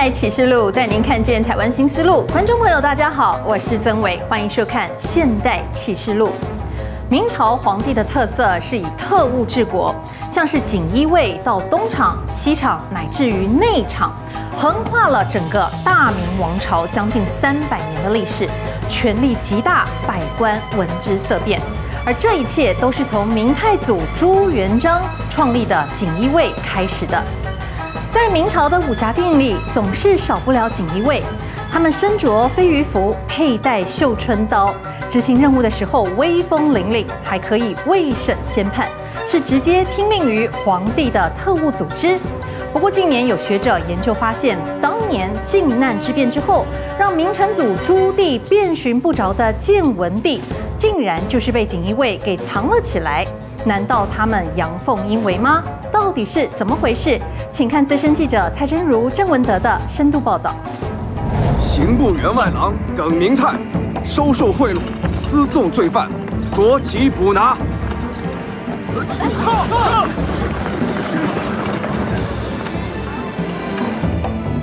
《現代啟示錄》帶您看見台灣新思路，觀眾朋友大家好，我是曾偉，歡迎收看《現代啟示錄》。明朝皇帝的特色是以特務治國，像是錦衣衛到東廠、西廠，乃至於內廠，橫跨了整個大明王朝將近三百年的歷史，權力極大，百官聞之色變。而這一切都是從明太祖朱元璋創立的錦衣衛開始的。在明朝的武俠電影裡，總是少不了錦衣衛。他們身着飛魚服，佩戴繡春刀，執行任務的時候威風凜凜，還可以未審先判，是直接聽命於皇帝的特務組織。不過，近年有學者研究發現，當年靖難之變之後，讓明成祖朱棣遍尋不着的建文帝，竟然就是被錦衣衛給藏了起來。難道他們陽奉陰違嗎？到底是怎麼回事？請看資深記者蔡真如、鄭文德的深度報道。刑部員外郎耿明泰收受賄賂，私縱罪犯，着即捕拿。啊啊啊、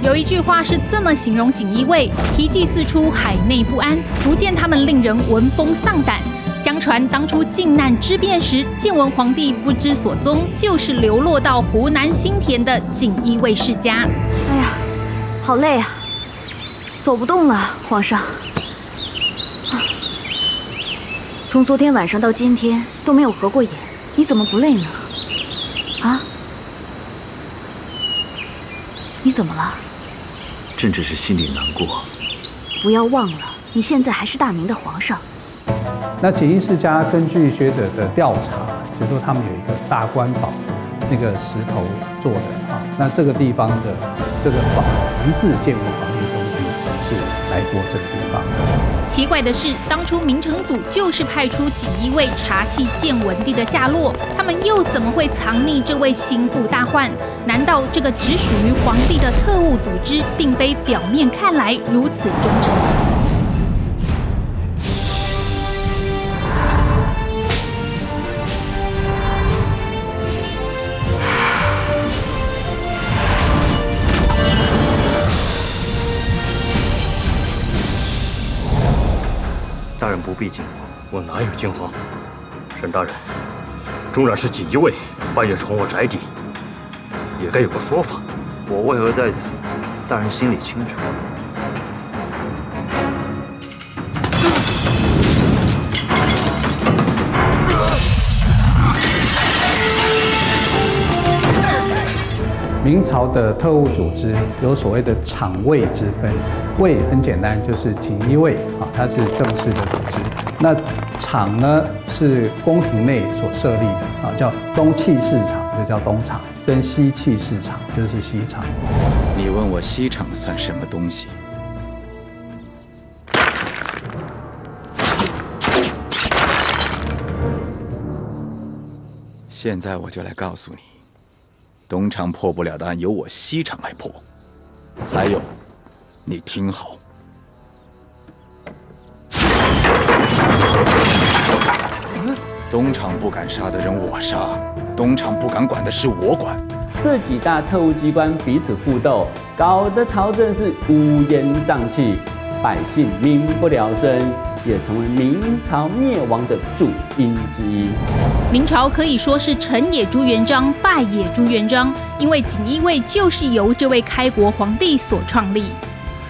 有一句話是這麼形容錦衣衛：緹騎四出，海內不安；足見他們令人聞風喪膽。相傳當初靖難之變時，建文皇帝不知所蹤，就是流落到湖南新田的錦衣衛世家。哎呀，好累啊，走不動了，皇上。啊，從昨天晚上到今天都沒有合過眼，你怎麼不累呢？啊？你怎麼了？朕只是心裡難過。不要忘了，你現在還是大明的皇上。那錦衣世家根據學者的調查，就說他們有一個大官堡，那個石頭做的啊。那這個地方的這個堡，疑似建文皇帝曾經是來過這個地方的。奇怪的是，當初明成祖就是派出錦衣衛查緝建文帝的下落，他們又怎麼會藏匿這位心腹大患？難道這個只屬於皇帝的特務組織，並非表面看來如此忠誠？不必驚慌，我哪有驚慌？沈大人，縱然是錦衣衛半夜闖我宅邸，也該有個說法。我為何在此？大人心裡清楚。明朝的特務組織有所謂的廠衛之分，衛很簡單，就是錦衣衛啊，它是正式的組織。那廠呢，是宮廷內所設立的啊，叫東緝事廠就叫東廠，跟西緝事廠就是西廠。你問我西廠算什麼東西？現在我就來告訴你。東廠破不了的案，由我西廠來破。還有，你聽好，東廠不敢殺的人我殺，東廠不敢管的事我管。這幾大特務機關彼此互鬥，搞得朝政是烏煙瘴氣，百姓民不聊生。也成為明朝滅亡的主因之一。明朝可以說是成也朱元璋，敗也朱元璋，因為錦衣衛就是由這位開國皇帝所創立。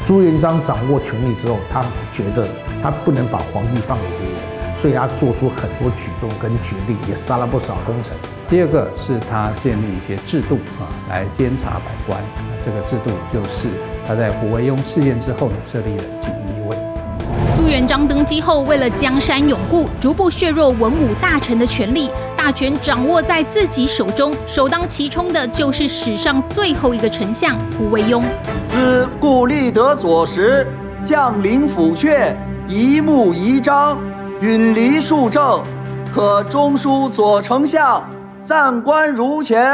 朱元璋掌握權力之後，他覺得他不能把皇帝放給別人，所以他做出很多舉動跟決定，也殺了不少功臣。第二個是他建立一些制度啊，來監察百官。這個制度就是他在胡惟庸事件之後呢，設立了錦衣衛。朱元璋登基後，為了江山永固，逐步削弱文武大臣的權力，大權掌握在自己手中。首當其衝的就是史上最後一個丞相胡惟庸。司故立德左時，將領府闕一木一張，允離數正，可中書左丞相散官如前。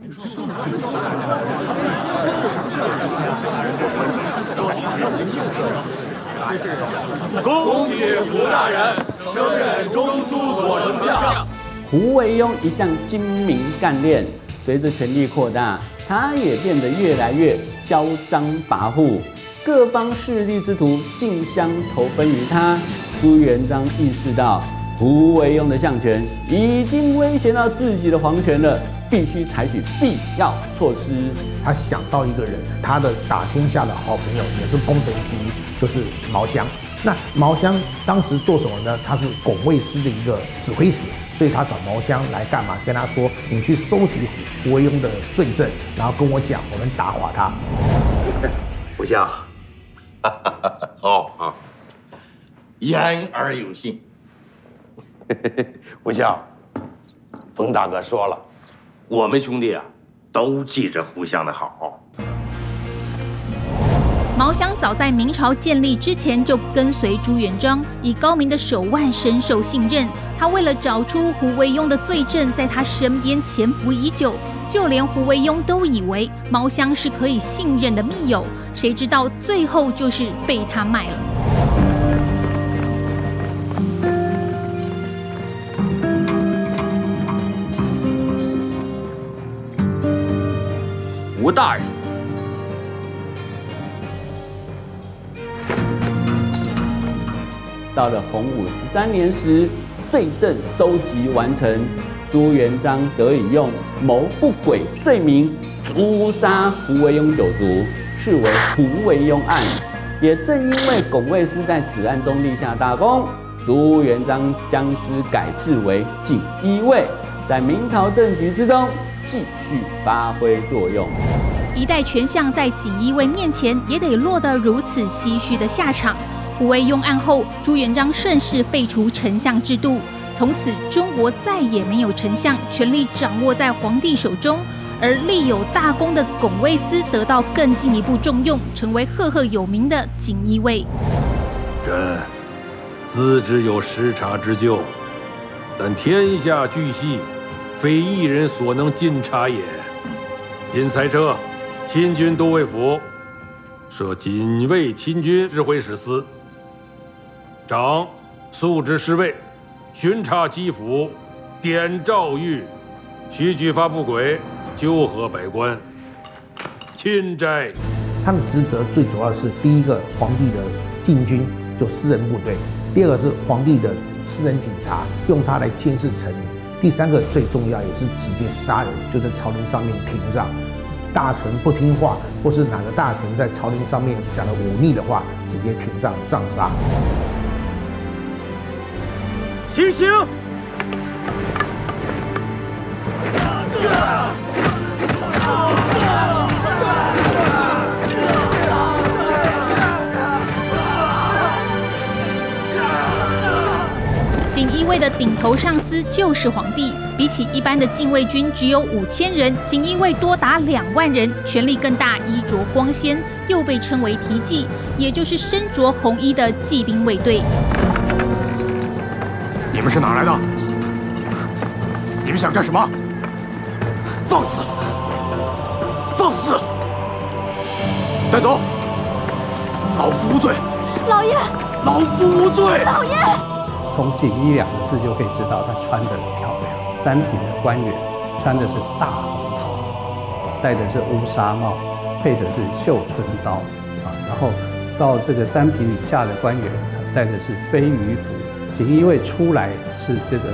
恭喜胡大人升任中書左丞相。胡惟庸一向精明幹練，隨着權力擴大，他也變得越來越囂張跋扈，各方勢力之徒競相投奔於他。朱元璋意識到，胡惟庸的相權已經威脅到自己的皇權了。必須採取必要措施。嗯、他想到一個人，他的打天下的好朋友也是功臣之一，就是毛驤。那毛驤當時做什麼呢？他是拱衛司的一個指揮使，所以他找毛驤來幹嘛？跟他說：“你去收集胡惟庸的罪證，然後跟我講，我們打垮他。”胡相，哈哈，哈，好啊，言而有信。 胡相，馮大哥說了。我們兄弟啊，都記着胡相的好，好。毛驤早在明朝建立之前就跟隨朱元璋，以高明的手腕深受信任。他為了找出胡惟庸的罪證，在他身邊潛伏已久，就連胡惟庸都以為毛驤是可以信任的密友，誰知道最後就是被他賣了。胡大人。到了洪武十三年時，罪證收集完成，朱元璋得以用謀不軌罪名誅殺胡惟庸九族，是為胡惟庸案。也正因為拱衛司在此案中立下大功，朱元璋將之改制為錦衣衛，在明朝政局之中，繼續發揮作用。一代權相在錦衣衛面前也得落得如此唏噓的下場。胡惟庸案後，朱元璋順勢廢除丞相制度，從此中國再也沒有丞相，權力掌握在皇帝手中。而立有大功的拱衛司得到更進一步重用，成為赫赫有名的錦衣衛。朕自知有失察之咎，但天下巨細。非一人所能盡察也。今裁撤親軍都尉府，設錦衣衛親軍指揮使司，掌宿直侍衛，巡查緝捕，點詔獄，許舉發不軌，糾劾百官。欽差，他們職責最主要是：第一個，皇帝的禁軍，就私人部隊；第二個是皇帝的私人警察，用他來監視臣民。第三個最重要也是直接殺人，就在朝廷上面廷杖，大臣不聽話，或是哪個大臣在朝廷上面講了忤逆的話，直接廷杖，杖殺。行刑星。殺、啊！衛的頂頭上司就是皇帝。比起一般的禁衛軍，只有五千人，錦衣衛多達兩萬人，權力更大，衣着光鮮，又被稱為“緹騎”，也就是身着紅衣的騎兵衛隊。你們是哪來的？你們想幹什麼？放肆！放肆！帶走！老夫無罪，老爺。老夫無罪，老爺。從錦衣兩個字就可以知道他穿的漂亮。三品的官員穿的是大紅袍，戴的是烏紗帽，配的是繡春刀啊。然後到這個三品以下的官員，他戴的是飛魚服。錦衣衛出來是這個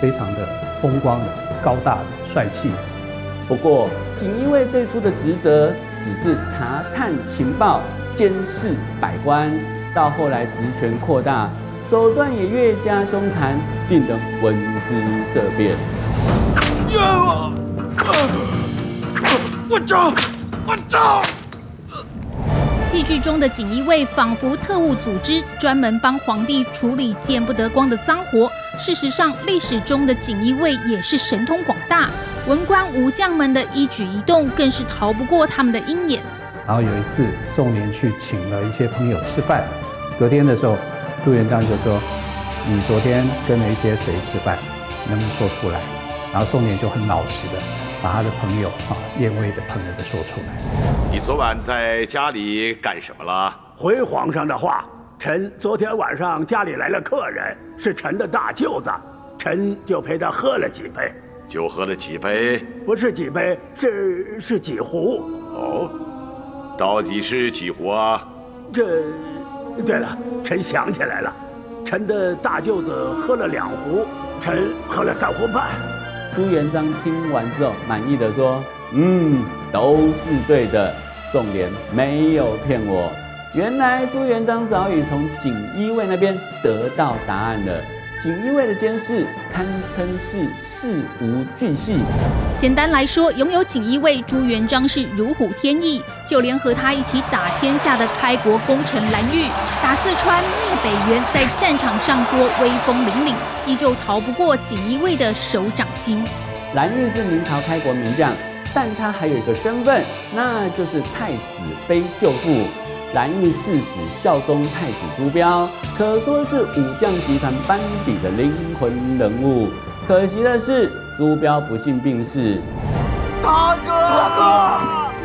非常的風光的，高大的帥氣。不過，錦衣衛最初的職責只是查探情報、監視百官，到後來職權擴大。手段也越加凶殘，變得聞之色變。冤枉！啊！關照！關照！戲劇中的錦衣衛仿佛特務組織，專門幫皇帝處理見不得光的髒活。事實上，歷史中的錦衣衛也是神通廣大，文官武將們的一舉一動，更是逃不過他們的鷹眼。然後有一次，宋濂去請了一些朋友吃飯，隔天的時候。朱元璋就說：“你昨天跟了一些誰吃飯，能不能說出來？”然後宋濂就很老實的把他的朋友啊，燕威的朋友都說出來。你昨晚在家裡幹什麼了？回皇上的話，臣昨天晚上家裡來了客人，是臣的大舅子，臣就陪他喝了幾杯。就喝了幾杯？不是幾杯，是是幾壺。哦，到底是幾壺啊？這。對了，臣想起來了，臣的大舅子喝了兩壺，臣喝了三壺半。朱元璋聽完之後，滿意的說：“嗯，都是對的，宋濂沒有騙我。原來朱元璋早已從錦衣衛那邊得到答案了。”錦衣衛的監視堪稱是事無巨細。簡單來說，擁有錦衣衛，朱元璋是如虎添翼。就連和他一起打天下的開國功臣藍玉，打四川、逆北元，在戰場上多威風凜凜，依舊逃不過錦衣衛的手掌心。藍玉是明朝開國名將，但他還有一個身份，那就是太子妃舅父。藍玉誓死效忠太子朱標，可說是武將集團班底的靈魂人物。可惜的是，朱標不幸病逝。大哥，大哥，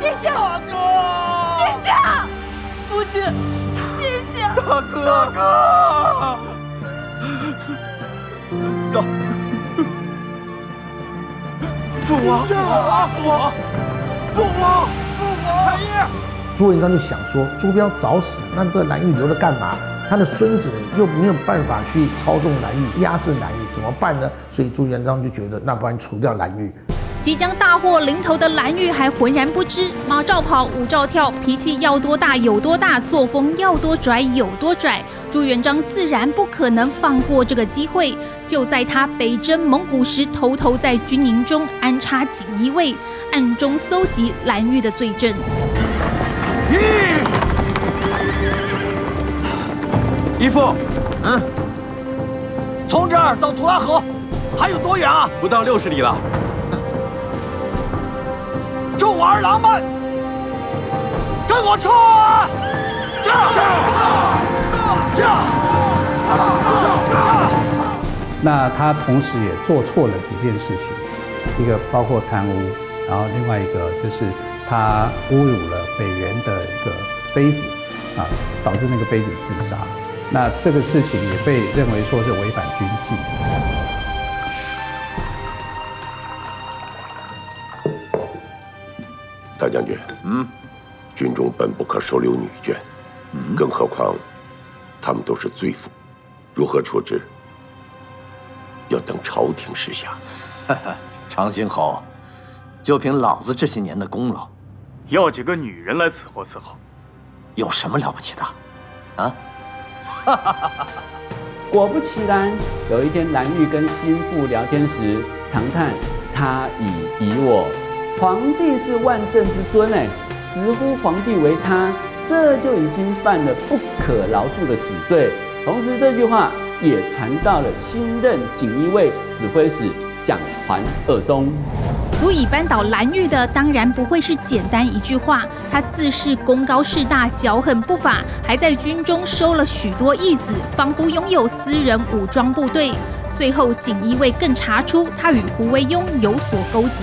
殿下，大哥，殿下，父親，殿下，大哥，大哥，大哥，父王，父王，父王，父王，太醫。朱元璋就想說，朱標早死，那這藍玉留着幹嘛？他的孫子又沒有辦法去操縱藍玉、壓制藍玉，怎麼辦呢？所以朱元璋就覺得，那不然除掉藍玉。即將大禍臨頭的藍玉還渾然不知，馬照跑，舞照跳，脾氣要多大有多大，作風要多拽有多拽。朱元璋自然不可能放過這個機會。就在他北征蒙古時，偷偷在軍營中安插錦衣衛，暗中搜集藍玉的罪證。一義父，嗯，從這兒到圖拉河還有多遠啊？不到六十里了。眾兒郎們，跟我衝啊！那他同時也做錯了幾件事情，一個包括貪污，然後另外一個就是他侮辱了。北元的一個妃子啊，導致那個妃子自殺。那這個事情也被認為說是違反軍紀。大將軍，嗯，軍中本不可收留女眷，嗯、更何況他們都是罪婦，如何處置？要等朝廷示下。哈哈，長興侯，就憑老子這些年的功勞，要幾個女人來伺候伺候，有什麼了不起的？啊！ 果不其然，有一天，藍玉跟心腹聊天時，長嘆：“他以以我皇帝是萬乘之尊哎，直呼皇帝為他，這就已經犯了不可饒恕的死罪。同時，這句話也傳到了新任錦衣衛指揮使蔣桓耳中。”足以扳倒藍玉的，當然不會是簡單一句話。他自恃功高勢大，驕橫不法，還在軍中收了許多義子，仿佛擁有私人武裝部隊。最後，錦衣衛更查出他與胡惟庸有所勾結。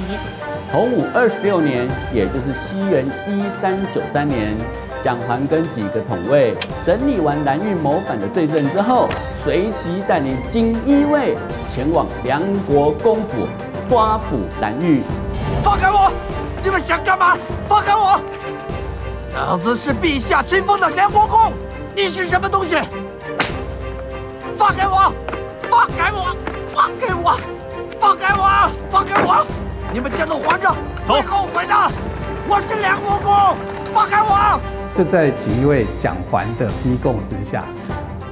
洪武二十六年，也就是西元一三九三年，蔣瓛跟幾個統衛整理完藍玉謀反的罪證之後，隨即帶領錦衣衛前往梁國公府。抓捕藍玉，放開我！你們想幹嘛？放開我！老子是陛下親封的涼國公，你是什麼東西？放開我！放開我！放開我！放開我！放開我！你們這都還着，會走後悔的。我是涼國公，放開我！就在幾位蔣瓛的逼供之下，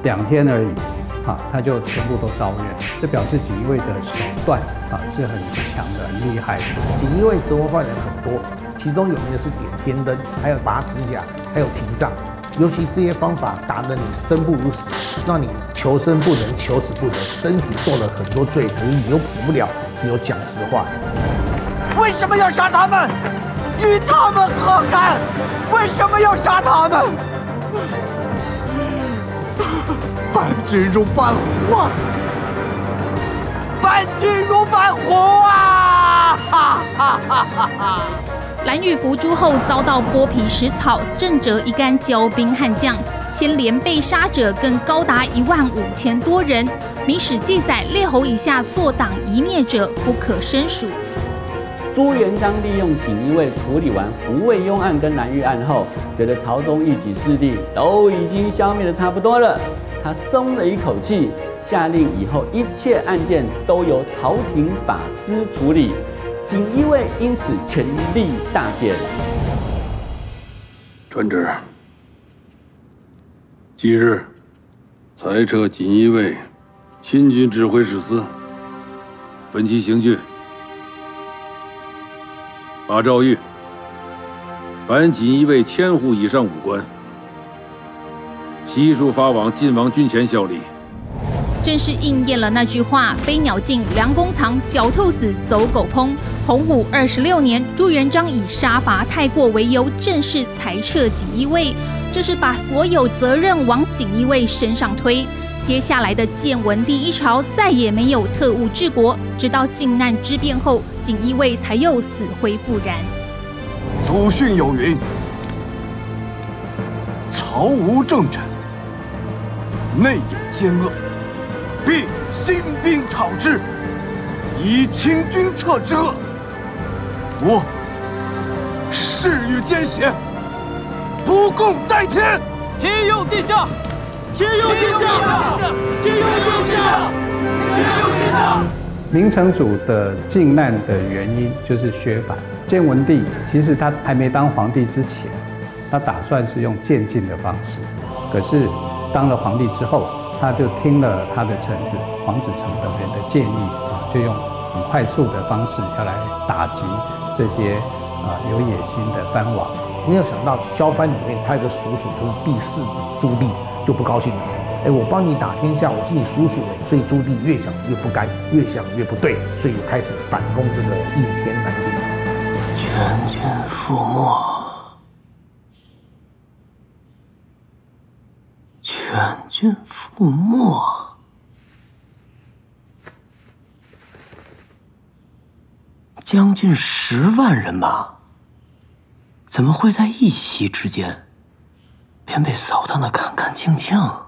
兩天而已。啊，他就全部都招認了，這表示錦衣衛的手段啊，是很強的，很厲害的。錦衣衛折磨犯人很多，其中有名的是點天燈，還有拔指甲，還有廷杖，尤其這些方法打得你生不如死，讓你求生不能，求死不得，身體受了很多罪，可是你又死不了，只有講實話。為什麼要殺他們？與他們何干？為什麼要殺他們？半君如半虎啊！伴君如半虎啊！哈哈哈哈！藍玉伏諸後，遭到剝皮食草，正折一干驕兵悍將，先連被殺者更高達一萬五千多人。明史記載，烈侯以下坐黨一滅者不可勝數。朱元璋利用錦衣衛處理完胡惟庸案跟藍玉案後，覺得朝中一己勢力都已經消滅的差不多了。他鬆了一口氣，下令以後一切案件都由朝廷法司處理，錦衣衛因此權力大減。傳旨，即日裁撤錦衣衛親軍指揮使司，分其刑具。罷詔獄，凡錦衣衛千戶以上武官。悉數發往晉王軍前效力，正是應驗了那句話：“飛鳥盡，良弓藏；狡兔死，走狗烹。”洪武二十六年，朱元璋以殺伐太過為由，正式裁撤錦衣衛，這是把所有責任往錦衣衛身上推。接下來的建文帝一朝再也沒有特務治國，直到靖難之變後，錦衣衛才又死灰復燃。祖訓有云：“朝無正臣。”內有奸惡，必興兵討之，以清君側之惡。我誓與奸邪不共戴天。天佑陛下！天佑陛下！天佑陛下！天佑陛下！明成祖的靖難的原因就是削藩。建文帝其實他還沒當皇帝之前，他打算是用漸進的方式，可是。當了皇帝之後，他就聽了他的臣子黃子澄等人的建議啊，就用很快速的方式要來打擊這些啊有野心的藩王。沒有想到，削藩裡面他有個叔叔就是第四子朱棣就不高興了。哎，我幫你打天下，我是你叔叔的，所以朱棣越想越不甘，越想越不對，所以開始反攻這個應天南京，全軍覆沒。軍覆沒，將近十萬人馬，怎麼會在一夕之間，便被掃蕩的干干淨淨？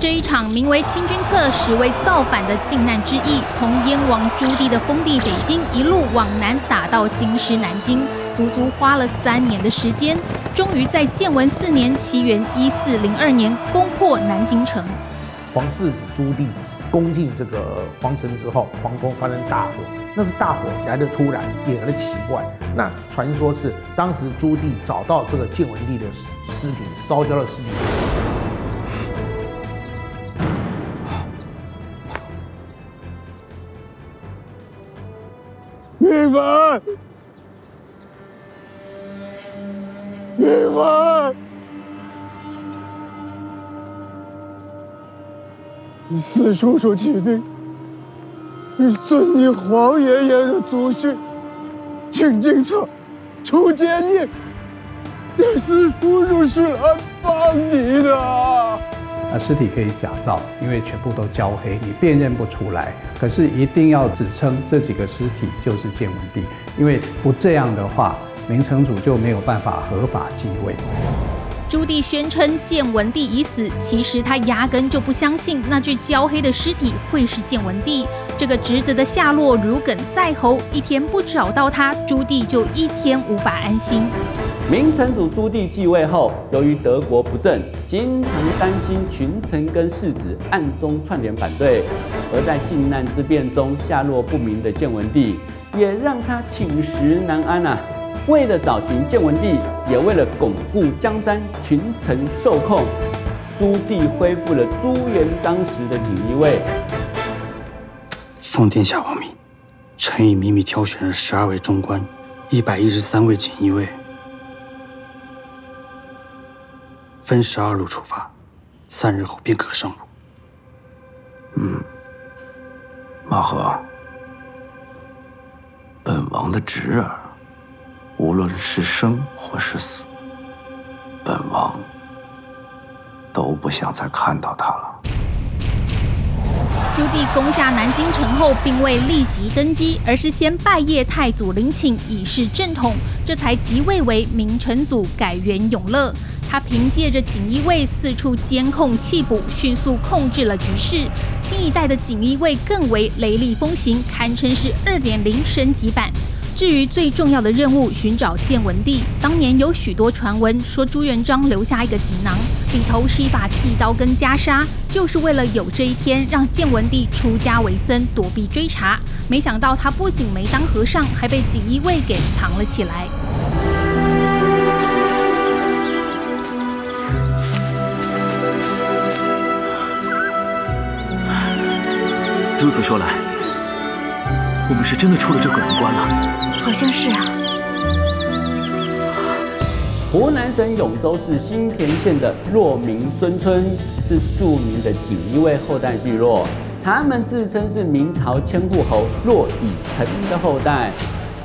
這一場名為清君側、實為造反的靖難之役，從燕王朱棣的封地北京一路往南打到京師南京。足足花了三年的時間，終於在建文四年（西元一四零二年）攻破南京城。皇四子朱棣攻進這個皇城之後，皇宮發生大火。那是大火來得突然，也來得奇怪。那傳說是當時朱棣找到這個建文帝的屍體，燒焦了屍體。允炆，你四叔叔起兵，你遵你皇爺爺的祖訓，清君側，除奸佞。你四叔叔是來幫你的。啊，屍體可以假造，因為全部都焦黑，你辨認不出來。可是一定要指稱這幾個屍體就是建文帝，因為不這樣的話。明成祖就沒有辦法合法繼位。朱棣宣稱建文帝已死，其實他壓根就不相信那具焦黑的屍體會是建文帝。這個侄子的下落如鯁在喉，一天不找到他，朱棣就一天無法安心。明成祖朱棣繼位後，由於得國不正，經常擔心群臣跟世子暗中串聯反對。而在靖難之變中下落不明的建文帝，也讓他寢食難安啊。為了找尋建文帝，也為了鞏固江山，群臣受控，朱棣恢復了朱元璋時的錦衣衛。奉殿下王命，臣已秘密，密挑選了十二位中官，一百一十三位錦衣衛，分十二路出發，三日後便可上路。嗯，馬和，本王的侄兒。無論是生或是死，本王都不想再看到他了。朱棣攻下南京城後，並未立即登基，而是先拜謁太祖陵寢，以示正統，這才即位為明成祖，改元永樂。他憑借着錦衣衛四處監控緝捕，迅速控制了局勢。新一代的錦衣衛更為雷厲風行，堪稱是二點零升級版。至於最重要的任務，尋找建文帝。當年有許多傳聞說，朱元璋留下一個錦囊，裡頭是一把剃刀跟袈裟，就是為了有這一天，讓建文帝出家為僧，躲避追查。沒想到他不僅沒當和尚，還被錦衣衛給藏了起來。如此說來，我們是真的出了這鬼門關了。好像是啊，湖南省永州市新田縣的駱銘孫村是著名的錦衣衛後代聚落，他們自稱是明朝千戶侯駱以成的後代。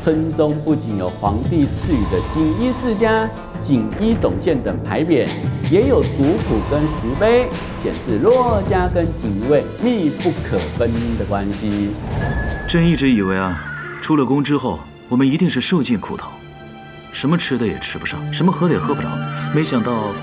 村中不僅有皇帝賜予的“錦衣世家”、“錦衣總憲”等牌匾，也有族譜跟石碑，顯示駱家跟錦衣衛密不可分的關係。朕一直以為啊，出了宮之後，我們一定是受盡苦頭，什麼吃的也吃不上，什麼喝的也喝不着。沒想到，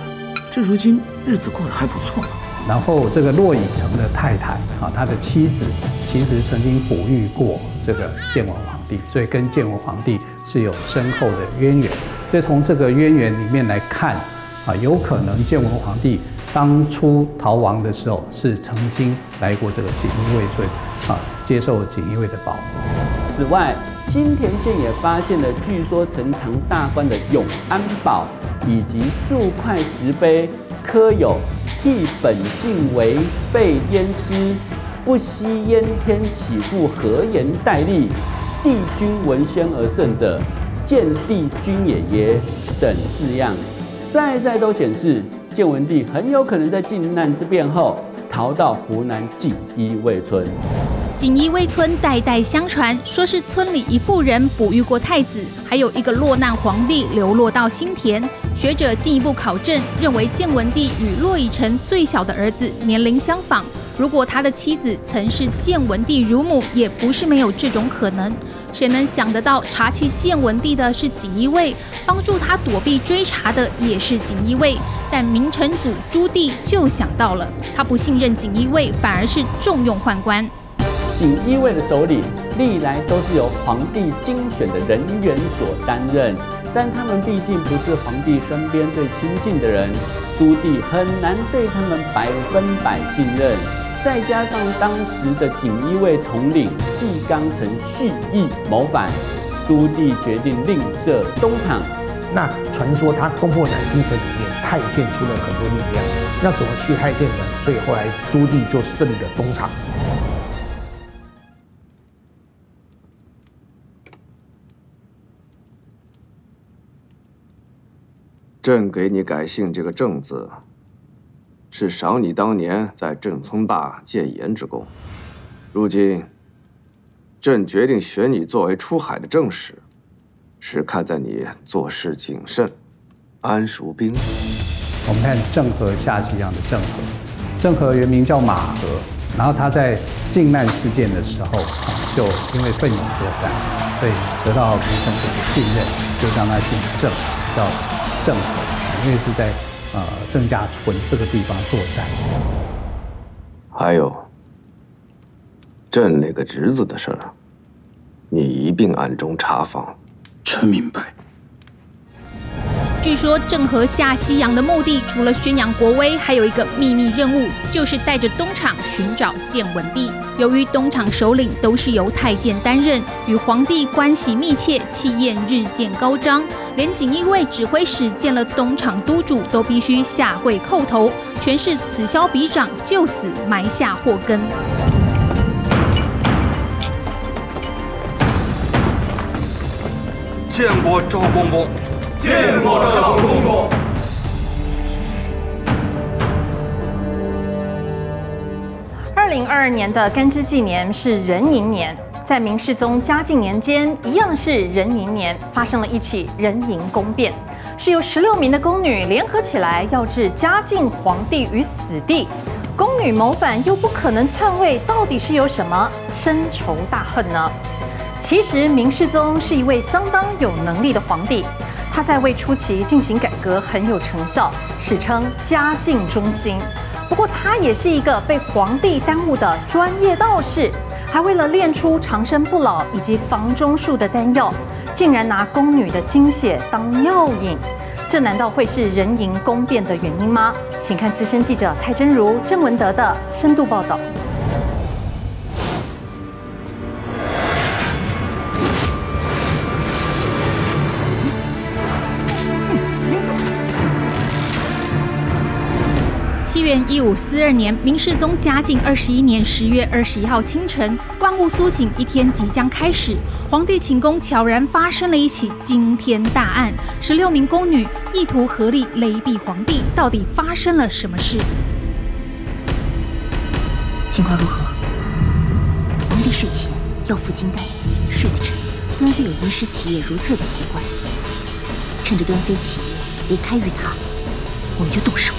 這如今日子過得還不錯嘛。然後，這個洛以成的太太啊，他的妻子其實曾經哺育過這個建文皇帝，所以跟建文皇帝是有深厚的淵源。所以從這個淵源裡面來看，啊，有可能建文皇帝當初逃亡的時候是曾經來過這個錦衣衛隊，啊，接受錦衣衛的保護。此外。新田縣也發現了據說曾長大觀的永安堡，以及數塊石碑，刻有“一本晉為被淹屍，不惜淹天起復何言待立，帝君聞仙而勝者，見帝君也耶”等字樣，在在都顯示，建文帝很有可能在靖難之變後逃到湖南錦衣衛村。錦衣衛村代代相傳，說是村裡一婦人哺育過太子，還有一個落難皇帝流落到新田。學者進一步考證，認為建文帝與駱以臣最小的兒子年齡相仿，如果他的妻子曾是建文帝乳母，也不是沒有這種可能。誰能想得到查起建文帝的是錦衣衛，幫助他躲避追查的也是錦衣衛？但明成祖朱棣就想到了，他不信任錦衣衛，反而是重用宦官。錦衣衛的首領歷來都是由皇帝精選的人員所擔任，但他們畢竟不是皇帝身邊最親近的人，朱棣很難對他們百分百信任。再加上當時的錦衣衛統領紀綱曾蓄意謀反，朱棣決定另設東廠。那傳說他攻破南京城裡面太監出了很多力量，那怎麼去太監呢？所以後來朱棣就設立了東廠。朕給你改姓這個“鄭”字，是賞你當年在鄭村壩建言之功。如今，朕決定選你作為出海的正使，是看在你做事謹慎、安熟兵。我們看鄭和下西洋的鄭和，鄭和原名叫馬和，然後他在靖難事件的時候，就因為奮勇作戰，所以得到明成祖的信任，就讓他姓鄭，叫。正好，因為是在呃鄭家村這個地方作戰，還有朕那個侄子的事兒，你一併暗中查訪。臣明白。據說鄭和下西洋的目的除了宣揚國威，還有一個秘密任務，就是帶着東廠尋找建文帝。由於東廠首領都是由太監擔任，與皇帝關係密切，氣焰日漸高漲，連錦衣衛指揮使見了東廠督主都必須下跪叩頭，權勢此消彼長，就此埋下禍根。見過周公公。見過的老祖宗。二零二二年的干支紀年是壬寅年，在明世宗嘉靖年間，一樣是壬寅年，發生了一起壬寅宮變，是由十六名的宮女聯合起來要置嘉靖皇帝於死地。宮女謀反又不可能篡位，到底是有什麼深仇大恨呢？其實明世宗是一位相當有能力的皇帝。他在位初期進行改革，很有成效，史稱嘉靖中興。不過他也是一個被皇帝耽誤的專業道士，還為了練出長生不老以及房中術的丹藥，竟然拿宮女的精血當藥引。這難道會是壬寅宮變的原因嗎？請看資深記者蔡真如、鄭文德的深度報道一五四二年，明世宗嘉靖二十一年十月二十一號清晨，萬物甦醒，一天即將開始。皇帝寢宮悄然發生了一起驚天大案，十六名宮女意圖合力勒斃皇帝。到底發生了什麼事？情況如何？皇帝睡前要服金丹，睡得沉，端妃有臨時起夜如廁的習慣。趁着端妃起夜離開玉榻，我們就動手。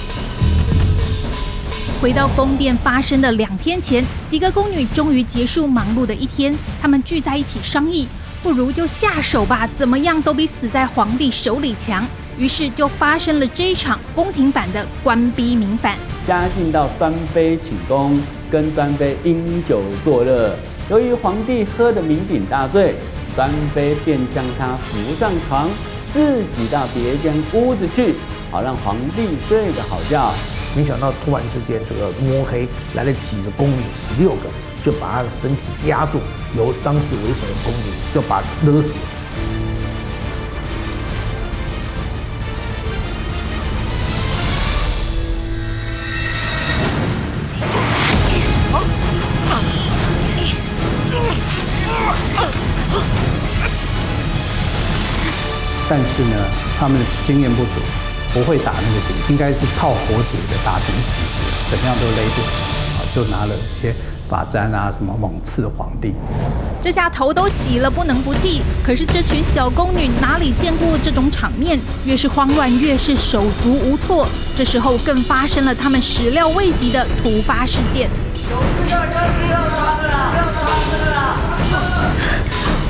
回到宮殿發生的兩天前，幾個宮女終於結束忙碌的一天。他們聚在一起商議，不如就下手吧，怎麼樣都比死在皇帝手裡強。於是就發生了這一場宮廷版的官逼民反。嘉靖到端妃寢宮，跟端妃飲酒作樂。由於皇帝喝得酩酊大醉，端妃便將他扶上床，自己到別間屋子去，好讓皇帝睡個好覺。沒想到，突然之間，這個摸黑來了幾個宮女，十六個就把他的身體壓住，由當時為首的宮女就把他勒死了。 但是呢，他們的經驗不足。不會打那個結應該是套活結的，打成死結，怎麼樣都勒住。啊，就拿了一些髮簪啊，什麼猛刺皇帝。這下頭都洗了，不能不剃。可是這群小宮女哪裡見過這種場面？越是慌亂，越是手足無措。這時候更發生了他們始料未及的突發事件。有事了！有事了！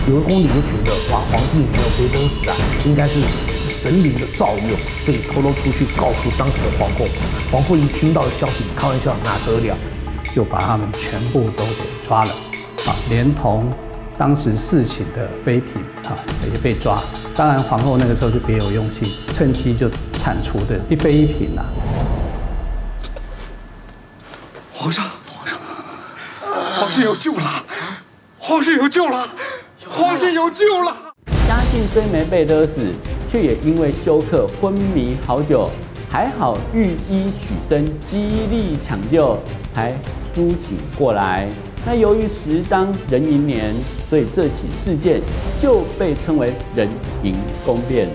有個宮女就覺得，哇，皇帝沒有被勒死啊，應該是。神靈的照耀，所以偷偷出去，告訴當時的皇後。皇後一聽到的消息，開玩笑哪得了，就把他們全部都給抓了。啊，連同當時侍寢的妃嬪啊，也被抓。當然，皇後那個時候就別有用心，趁機就鏟除的一妃一嬪了。皇上，皇上，皇上有救了！皇上有救了！皇上有救了！嘉靖雖沒被勒死。卻也因為休克昏迷好久，還好御醫許紳極力搶救，才甦醒過來。那由於時當壬寅年，所以這起事件就被稱為壬寅宮變。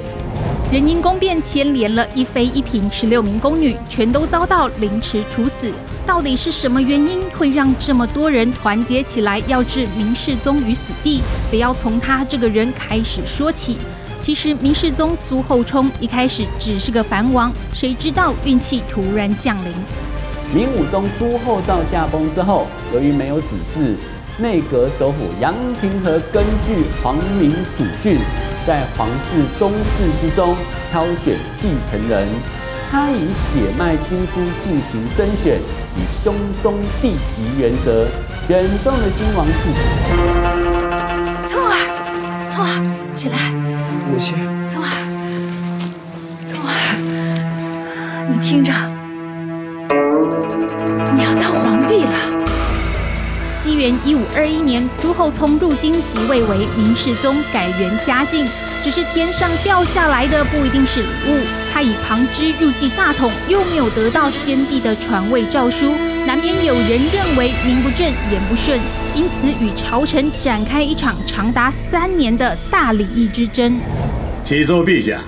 壬寅宮變牽連了一妃一嬪十六名宮女，全都遭到凌遲處死。到底是什麼原因會讓這麼多人團結起來要置明世宗於死地？得要從他這個人開始說起。其實明世宗朱厚熜，一開始只是個藩王，誰知道運氣突然降臨。明武宗朱厚照駕崩之後，由於沒有子嗣，內閣首輔楊廷和根據皇明祖訓，在皇室宗室之中挑選繼承人。他以血脈親疏進行甄選，以兄終弟及原則，選中了興王世子。聰兒，聰兒，起來。母親，熜兒，熜兒，你聽着，你要當皇帝了。西元一五二一年，朱厚熜入京即位為明世宗，改元嘉靖。只是天上掉下來的不一定是禮物，他以旁支入繼大統，又沒有得到先帝的傳位詔書，難免有人認為名不正言不順。因此，與朝臣展開一場長達三年的大禮議之爭。啟奏陛下，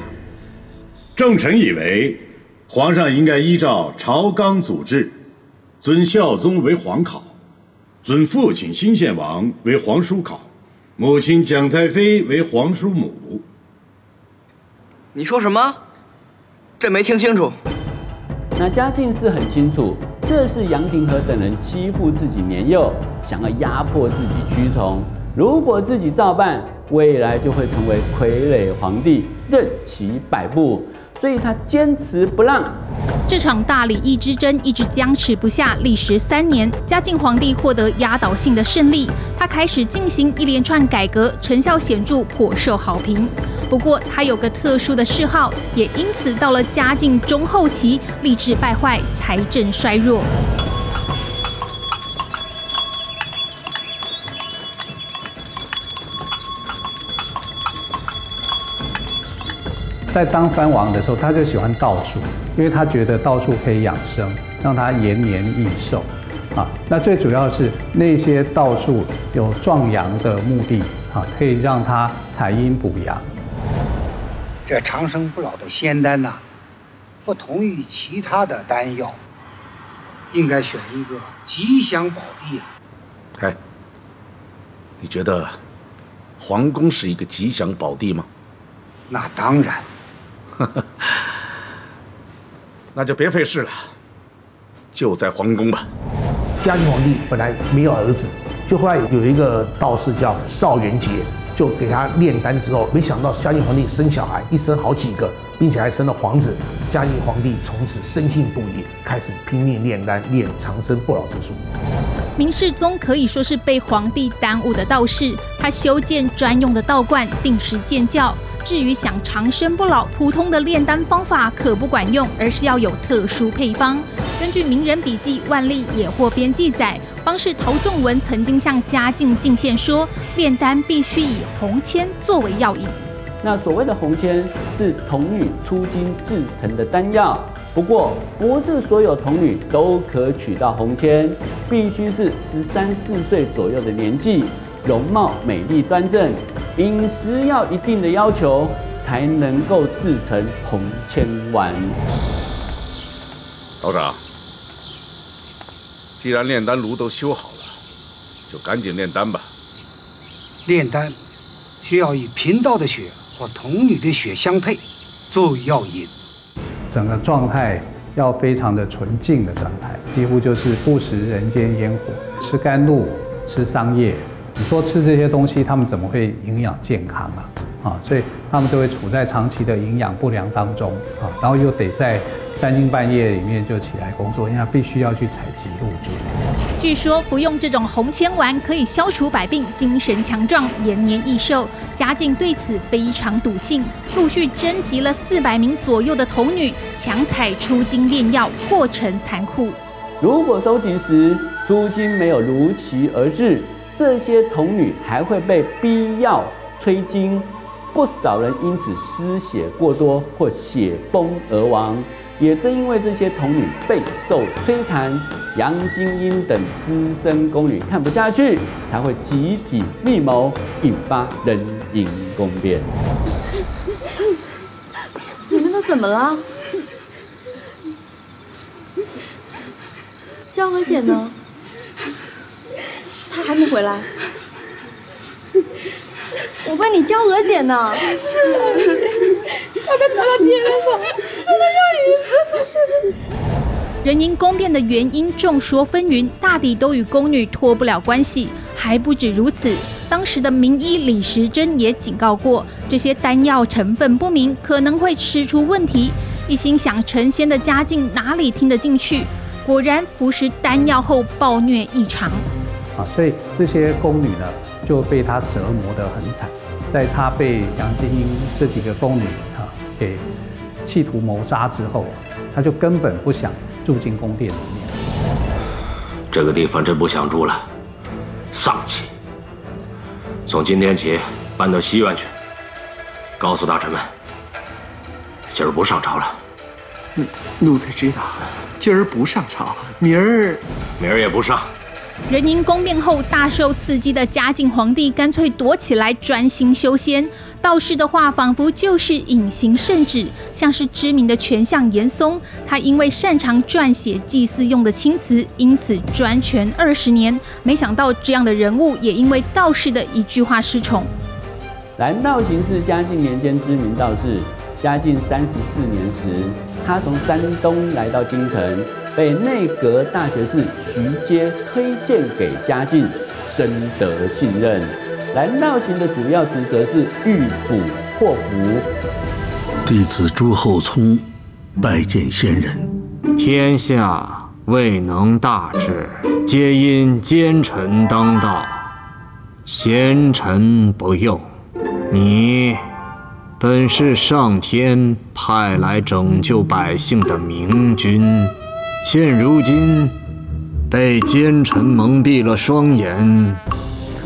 鄭臣以為，皇上應該依照朝綱祖制，尊孝宗為皇考，尊父親興獻王為皇叔考，母親蔣太妃為皇叔母。你說什麼？朕沒聽清楚。那嘉靖是很清楚，這是楊廷和等人欺負自己年幼，想要壓迫自己屈從，如果自己照辦，未來就會成為傀儡皇帝，任其擺布。所以他堅持不讓。這場大禮議之爭一直僵持不下，歷時三年，嘉靖皇帝獲得壓倒性的勝利。他開始進行一連串改革，成效顯著，頗受好評。不過他有個特殊的嗜好，也因此到了嘉靖中後期，吏治敗壞，財政衰弱。在當藩王的時候，他就喜歡道術，因為他覺得道術可以養生，讓他延年益壽。啊，那最主要是那些道術有壯陽的目的，啊，可以讓他採陰補陽。這長生不老的仙丹吶，啊，不同於其他的丹藥，應該選一個吉祥寶地。啊。哎，你覺得皇宮是一個吉祥寶地嗎？那當然。呵呵，那就別費事了，就在皇宮吧。嘉靖皇帝本來沒有兒子，就後來有一個道士叫邵元節，就給他煉丹之後，沒想到嘉靖皇帝生小孩，一生好幾個，並且還生了皇子。嘉靖皇帝從此深信不疑，開始拼命煉丹，練長生不老之術。明世宗可以說是被皇帝耽誤的道士，他修建專用的道觀，定時建醮。至於想長生不老，普通的煉丹方法可不管用，而是要有特殊配方。根據《明人筆記》《萬曆野獲編》記載，方士陶仲文曾經向嘉靖進獻說，煉丹必須以紅鉛作為藥引。那所謂的紅鉛，是童女初經製成的丹藥。不過，不是所有童女都可取到紅鉛，必須是十三四歲左右的年紀。容貌美麗端正，飲食要一定的要求，才能夠制成紅鉛丸。道長，既然煉丹爐都修好了，就趕緊煉丹吧。煉丹需要以貧道的血或童女的血相配，做藥引。整個狀態要非常的純淨的狀態，幾乎就是不食人間煙火，吃甘露，吃桑葉。你說吃這些東西，他們怎麼會營養健康啊？啊，所以他們就會處在長期的營養不良當中啊，然後又得在三更半夜裡面就起來工作，因為他必須要去採集露珠。據說服用這種紅鉛丸可以消除百病、精神強壯、延年益壽。嘉靖對此非常篤信，陸續徵集了四百名左右的童女，強採初經煉藥，過程殘酷。如果收集時初經沒有如期而至。這些童女還會被逼要催經，不少人因此失血過多或血崩而亡。也正因為這些童女備受摧殘，楊金英等資深宮女看不下去，才會集體密謀引發壬寅宮變。你們都怎麼了？肖娥姐呢？他還沒回來，我問你，嬌娥姐呢？壬寅宮變的原因眾說紛紜，大抵都與宮女脫不了關係。還不止如此，當時的名醫李時珍也警告過，這些丹藥成分不明，可能會吃出問題。一心想成仙的嘉靖，哪裡聽得進去？果然服食丹藥後暴虐異常。啊，所以這些宮女呢，就被他折磨得很慘，在他被楊金英這幾個宮女啊給企圖謀殺之後，啊，他就根本不想住進宮殿裡面。這個地方真不想住了，喪氣。從今天起搬到西苑去，告訴大臣們，今兒不上朝了。奴奴才知道，今兒不上朝，明兒明兒也不上。人因公變後大受刺激的嘉靖皇帝，乾脆躲起來專心修仙。道士的話仿佛就是隱形聖旨，像是知名的權相嚴嵩，他因為擅長撰寫祭祀，祀用的青詞，因此專權二十年。沒想到這樣的人物也因為道士的一句話失寵。藍道行是嘉靖年間知名道士，嘉靖三十四年時，他從山東來到京城。被內閣大學士徐階推薦給嘉靖，深得信任。藍道行的主要職責是預卜禍福。弟子朱厚熜，拜見仙人。天下未能大治，皆因奸臣當道，賢臣不用。你，本是上天派來拯救百姓的明君。現如今被奸臣蒙蔽了雙眼。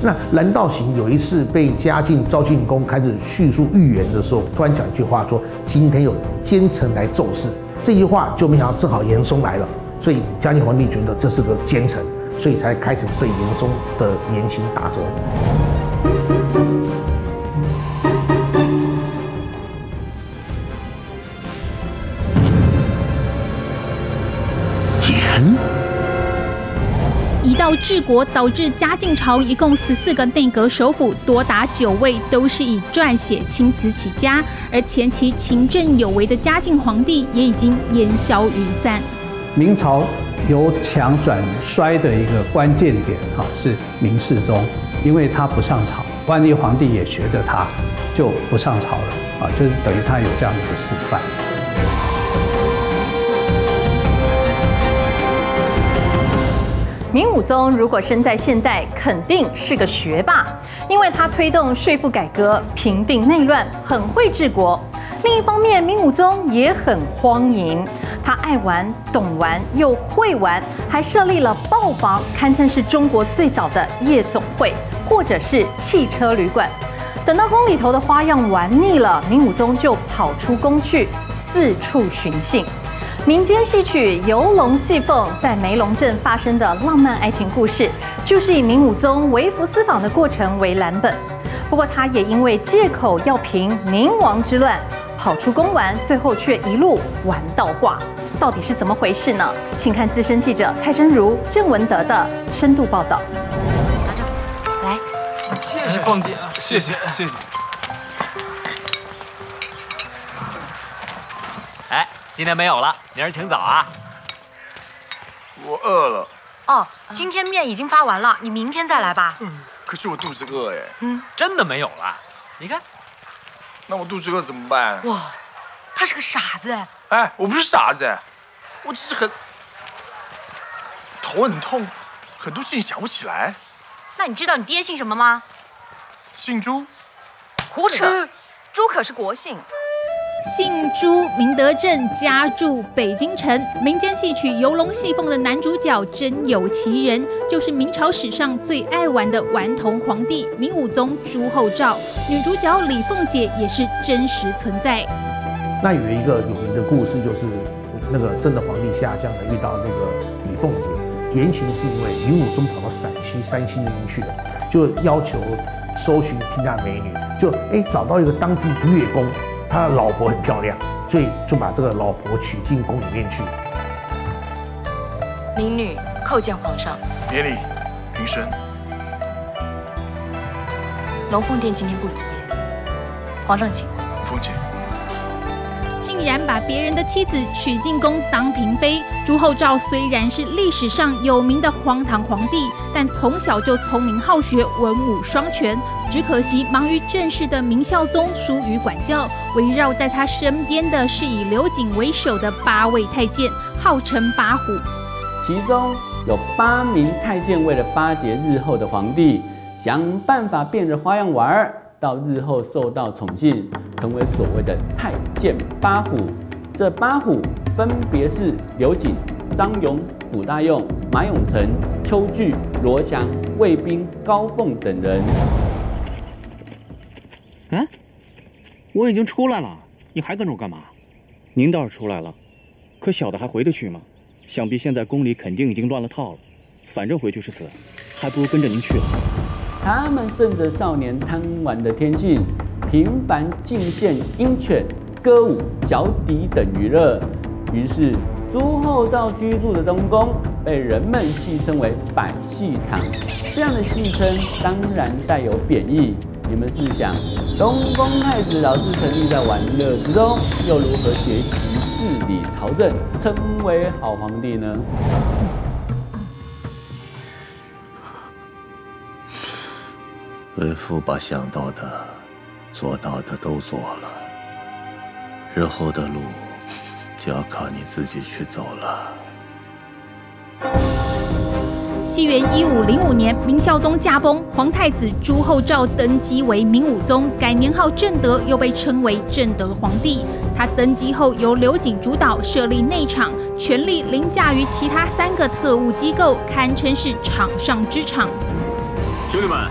那藍道行有一次被嘉靖召進宮，開始敘述預言的時候，突然講一句話說：“今天有奸臣來奏事。”這一句話就沒想到，正好嚴嵩來了，所以嘉靖皇帝覺得這是個奸臣，所以才開始對嚴嵩的言行打折。一道治國，導致嘉靖朝一共十四個內閣首輔，多達九位都是以撰寫青詞起家。而前期勤政有為的嘉靖皇帝也已經煙消雲散。明朝由強轉衰的一個關鍵點哈，是明世宗，因為他不上朝，萬曆皇帝也學着他，就不上朝了啊，就是等於他有這樣的一個示範。明武宗如果生在現代，肯定是個學霸，因為他推動稅賦改革、平定內亂，很會治國。另一方面，明武宗也很荒淫，他愛玩、懂玩又會玩，還設立了豹房，堪稱是中國最早的夜總會或者是汽車旅館。等到宮裡頭的花樣玩膩了，明武宗就跑出宮去四處尋釁。民間戲曲《遊龍戲鳳》在梅龍鎮發生的浪漫愛情故事，就是以明武宗微服私訪的過程為藍本。不過，他也因為借口要平寧王之亂，跑出宮玩，最後卻一路玩到掛，到底是怎麼回事呢？請看資深記者蔡真如、鄭文德的深度報道。拿着，來。謝謝鳳姐啊，謝謝謝謝。今天沒有了，明兒請早啊！我餓了。哦，今天麵已經發完了，你明天再來吧。嗯，可是我肚子餓哎。嗯，真的沒有了。你看，那我肚子餓怎麼辦啊？哇，他是個傻子。哎，我不是傻子，我只是很頭很痛，很多事情想不起來。那你知道你爹姓什麼嗎？姓朱。胡扯，朱可是國姓。姓朱，名德正，家住北京城，民間戲曲《遊龍戲鳳》的男主角真有其人，就是明朝史上最愛玩的頑童皇帝明武宗朱厚照。女主角李鳳姐也是真實存在。那有一個有名的故事，就是那個真的皇帝下降的遇到的那個李鳳姐，原型是因為明武宗跑到陝西、山西那邊去的，就要求搜尋天下美女，就誒、欸、找到一個當地的樂工。他老婆很漂亮，所以就把這個老婆娶進宮裡面去。民女叩見皇上。免禮，平身。龍鳳殿今天不營業，皇上請。龍鳳殿。竟然把別人的妻子娶進宮當嬪妃。朱厚照雖然是歷史上有名的荒唐皇帝，但從小就聰明好學，文武雙全。只可惜，忙於政事的明孝宗疏於管教，圍繞在他身邊的是以劉瑾為首的八位太監，號稱“八虎”。其中有八名太監為了巴結日後的皇帝，想辦法變着花樣玩兒，到日後受到寵幸，成為所謂的太監八虎。這八虎分別是劉瑾、張永、谷大用、馬永成、丘聚、羅祥、魏彬、高鳳等人。啊，我已經出來了，你還跟着我幹嘛？您倒是出來了，可小的還回得去嗎？想必現在宮裡肯定已經亂了套了。反正回去是死，還不如跟着您去了啊。他們順着少年貪玩的天性，頻繁進獻鷹犬、歌舞、角抵等娛樂。於是，朱厚照居住的東宮被人們戲稱為“百戲場”。這樣的戲稱當然帶有貶義。你們試想，東宮太子老是沉溺在玩樂之中，又如何學習治理朝政，成為好皇帝呢？為父把想到的、做到的都做了，日後的路就要靠你自己去走了。西元一五零五年，明孝宗駕崩，皇太子朱厚照登基為明武宗，改年號正德，又被稱為正德皇帝。他登基後，由劉瑾主導設立內廠，權力凌駕於其他三個特務機構，堪稱是廠上之廠。兄弟們，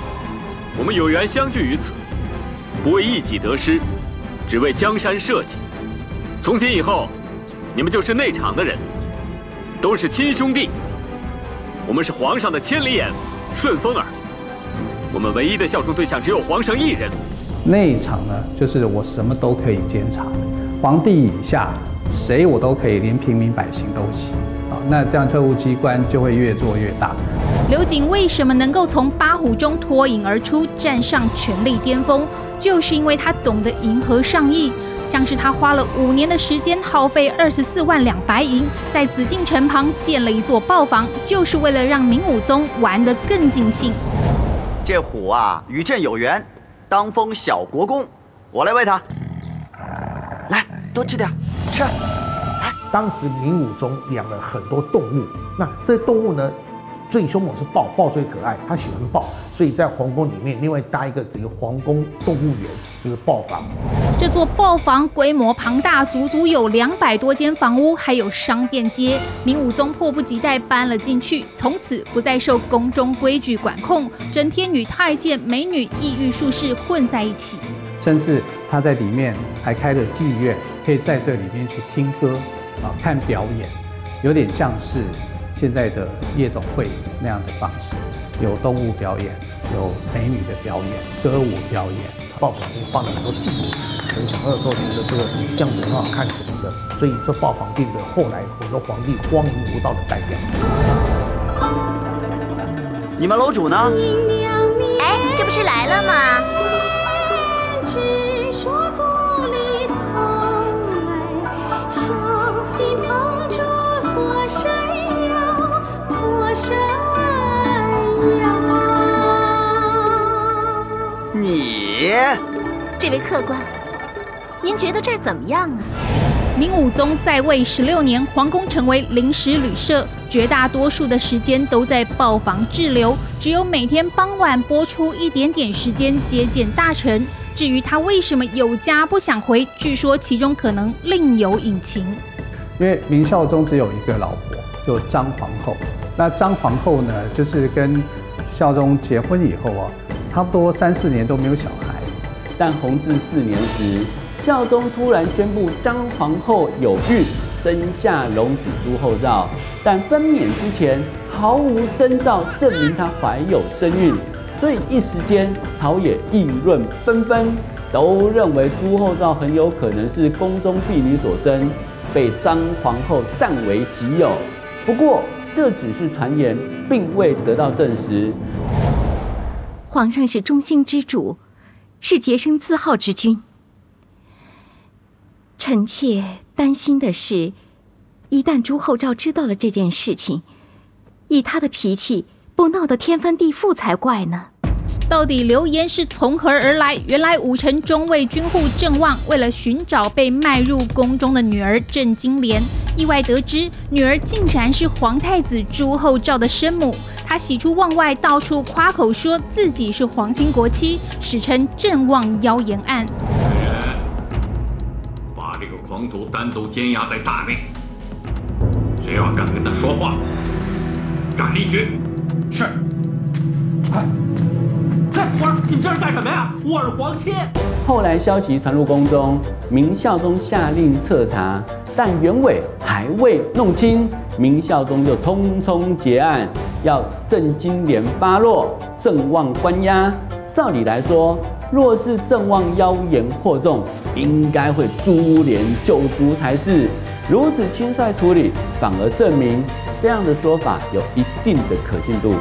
我們有緣相聚於此，不為一己得失，只為江山社稷。從今以後，你們就是內廠的人，都是親兄弟。我們是皇上的千里眼、順風耳，我們唯一的效忠對象只有皇上一人。內廠呢，就是我什麼都可以監察，皇帝以下誰我都可以，連平民百姓都行啊。那這樣特務機關就會越做越大。劉瑾為什麼能夠從八虎中脫穎而出，站上權力巔峰，就是因為他懂得迎合上意。像是他花了五年的時間，耗費二十四萬兩白銀，在紫禁城旁建了一座豹房，就是為了讓明武宗玩得更盡興。這虎啊，與朕有緣，當封小國公。我來餵它，來，多吃點，吃。來，當時明武宗養了很多動物，那這動物呢？最兇猛是豹，豹最可愛，他喜歡豹，所以在皇宮裡面另外搭一個整個皇宮動物園，就是豹房。這座豹房規模龐大，足足有兩百多間房屋，還有商店街。明武宗迫不及待搬了進去，從此不再受宮中規矩管控，整天與太監、美女、異域術士混在一起。甚至他在裡面還開了妓院，可以在這裡面去聽歌啊，看表演，有點像是。現在的夜總會那樣的方式，有動物表演，有美女的表演，歌舞表演，豹房裡放了很多鏡子。陳小二說：“覺得這個樣子很好看什麼的。”所以這豹房就是後來很多皇帝荒淫無道的代表。你們樓主呢？哎，這不是來了嗎？只說獨立同類，手心捧着佛山。你這位客官，您覺得這兒怎麼樣啊？明武宗在位十六年，皇宮成為臨時旅舍，絕大多數的時間都在豹房滯留，只有每天傍晚撥出一點點時間接見大臣。至於他為什麼有家不想回，據說其中可能另有隱情。因為明孝宗只有一個老婆，就張皇後。那張皇後呢？就是跟孝宗結婚以後啊，差不多三四年都沒有小孩。但弘治四年時，孝宗突然宣布張皇後有孕，生下龍子朱厚照。但分娩之前毫無徵兆，證明她懷有身孕。所以一時間朝野議論紛紛，都認為朱厚照很有可能是宮中婢女所生，被張皇后占為己有。不過，這只是傳言，並未得到證實。皇上是專心之主，是潔身自好之君。臣妾擔心的是，一旦朱厚照知道了這件事情，以他的脾氣，不鬧得天翻地覆才怪呢。到底流言是從何而來？原來武成中衛軍戶鄭旺為了尋找被賣入宮中的女兒鄭金蓮，意外得知女兒竟然是皇太子朱厚照的生母，他喜出望外，到處誇口說自己是皇親國戚，史稱鄭旺妖言案。把這個狂徒單獨監押在大內，誰要敢跟他說話，斬立決。是，快、啊。你們這是幹什麼呀？我是皇親。後來消息傳入宮中，明孝宗下令徹查，但原委還未弄清，明孝宗就匆匆結案，要鄭金蓮發落鄭旺關押。照理來說，若是鄭旺妖言惑眾，應該會株連九族才是。如此輕率處理，反而證明這樣的說法有一定的可信度。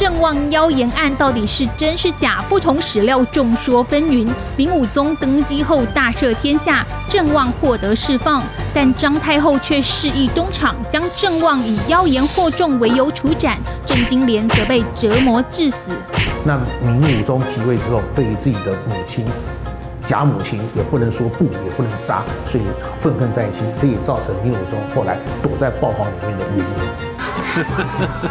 鄭旺妖言案到底是真是假？不同史料眾說紛紜。明武宗登基後大赦天下，鄭旺獲得釋放，但張太后卻示意東廠將鄭旺以妖言惑眾為由處斬，鄭金蓮則被折磨致死。那明武宗即位之後，對於自己的母親假母親，也不能說不，也不能殺，所以憤恨在心，這也造成明武宗後來躲在豹房裡面的原因。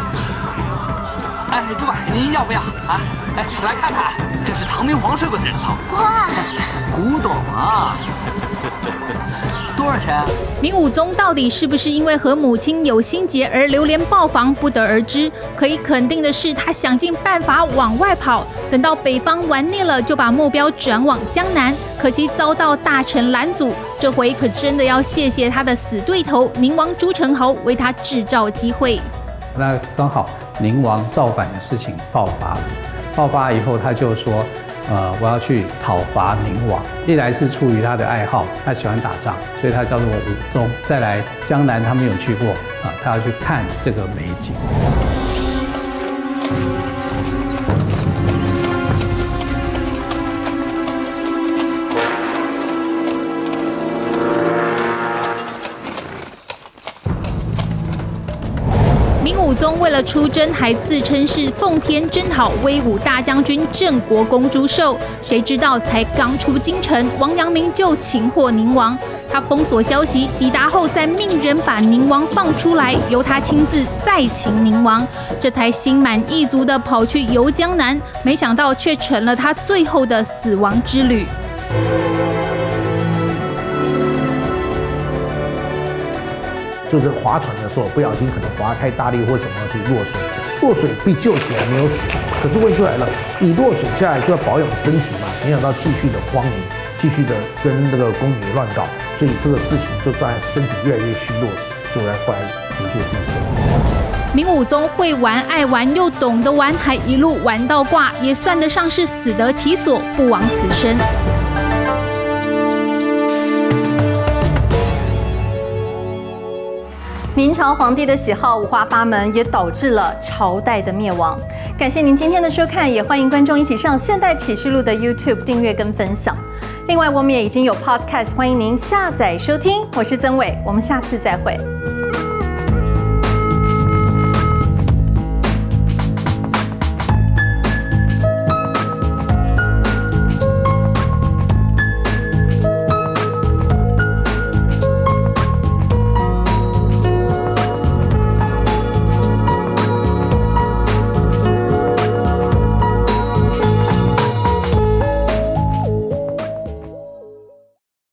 您要不要啊？哎，來看看，這是唐明皇睡過的枕頭。哇，古董啊！多少錢啊？明武宗到底是不是因為和母親有心結而流連豹房，不得而知。可以肯定的是，他想盡辦法往外跑，等到北方玩膩了，就把目標轉往江南。可惜遭到大臣攔阻，這回可真的要謝謝他的死對頭寧王朱宸濠為他制造機會。那剛好。寧王造反的事情爆發了，爆發以後，他就說：“呃，我要去討伐寧王。一來是出於他的愛好，他喜歡打仗，所以他叫做我武宗；再來，江南他沒有去過啊，他要去看這個美景。”為了出征，還自稱是奉天征討威武大將軍鎮國公朱壽。誰知道才剛出京城，王陽明就擒獲寧王。他封鎖消息，抵達後再命人把寧王放出來，由他親自再擒寧王，這才心滿意足的跑去遊江南。沒想到卻成了他最後的死亡之旅。就是划船的時候，不小心可能划太大力或者什麼去落水，落水被救起來沒有死，可是問出來了，你落水下來就要保養身體嘛，沒想到繼續的荒淫，繼續的跟那個宮女亂搞，所以這個事情就在身體越來越虛弱，就在後來去做精神。明武宗會玩、愛玩又懂得玩，還一路玩到掛，也算得上是死得其所，不枉此生。明朝皇帝的喜好五花八門，也導致了朝代的滅亡。感謝您今天的收看，也歡迎觀眾一起上《現代啟示錄》的 YouTube 訂閱跟分享。另外，我們也已經有 Podcast，歡迎您下載收聽。我是曾偉，我們下次再會。